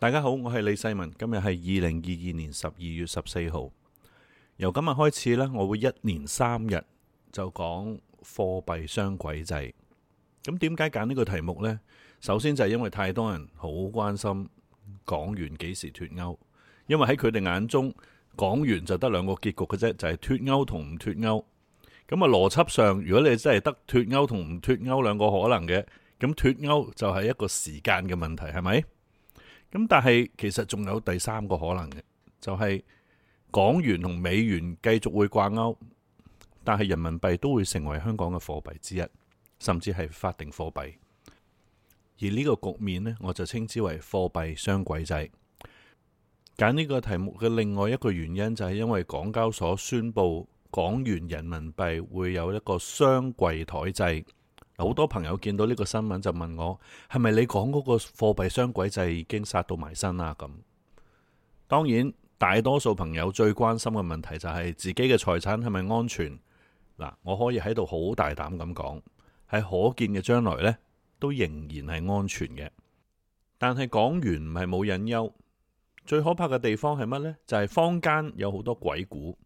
大家好，我係李世民。今日係二零二二年十二月十四號。由今日開始咧，我會一連三日就講貨幣雙軌制。咁點解揀呢個題目呢？首先就係因為太多人好關心港元幾時脫歐，因為喺佢哋眼中，港元就得兩個結局嘅啫，就係、是、脫歐同唔脫歐。咁啊，邏輯上如果你真係得脫歐同唔脫歐兩個可能嘅，咁脫歐就係一個時間嘅問題，係咪？咁但係其實仲有第三個可能嘅，就係港元同美元繼續會掛鈎，但係人民幣都會成為香港嘅貨幣之一，甚至係法定貨幣。而呢個局面呢，我就稱之為貨幣雙軌制。揀呢個題目嘅另外一個原因就係因為港交所宣布港元人民幣會有一個雙櫃台制。好多朋友見到呢個新聞就問我係咪你講嗰個貨幣雙軌制已經殺到埋身啦？咁當然，大多數朋友最關心嘅問題就係自己嘅財產係咪安全。嗱，我可以喺度好大膽咁講，喺可見嘅將來呢，都仍然係安全嘅。但係港元唔係冇隱憂，最可怕嘅地方係乜呢？就係坊間有好多鬼故。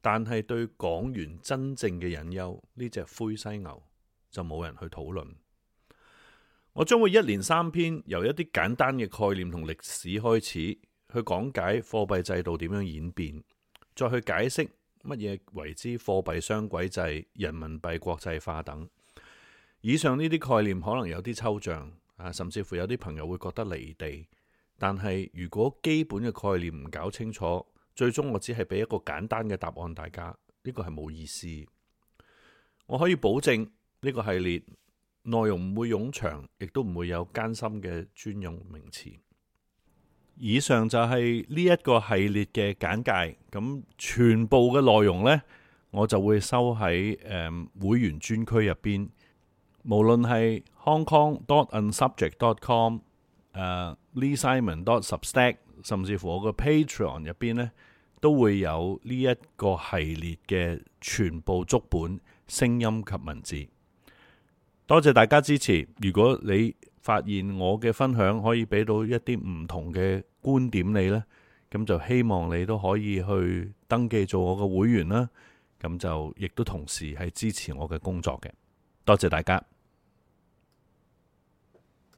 但係對港元真正嘅隱憂，呢隻灰犀牛，就冇人去討論。我將會一連三篇，由一啲簡單嘅概念同歷史開始去講解貨幣制度點樣演變，再去解釋乜嘢爲之貨幣雙軌制、人民幣國際化等。以上呢啲概念可能有啲抽象啊，甚至乎有啲朋友會覺得離地。但係如果基本嘅概念唔搞清楚，最終我只係俾一個簡單嘅答案大家，呢個係冇意思。我可以保證。呢個系列內容唔會冗長，亦都唔會有艱深嘅專用名詞。以上就係呢一個系列嘅簡介。咁全部嘅內容呢，我就會收喺誒、嗯、會員專區入邊。無論係 Hong Kong dot unsubject dot com、uh, Lee Simon dot substack，甚至乎我嘅 Patreon 入邊呢，都會有呢一個系列嘅全部足本聲音及文字。多謝大家支持。如果你發現我嘅分享可以俾到一啲唔同嘅觀點你呢，咁就希望你都可以去登記做我嘅會員啦。咁就亦都同時係支持我嘅工作嘅。多謝大家。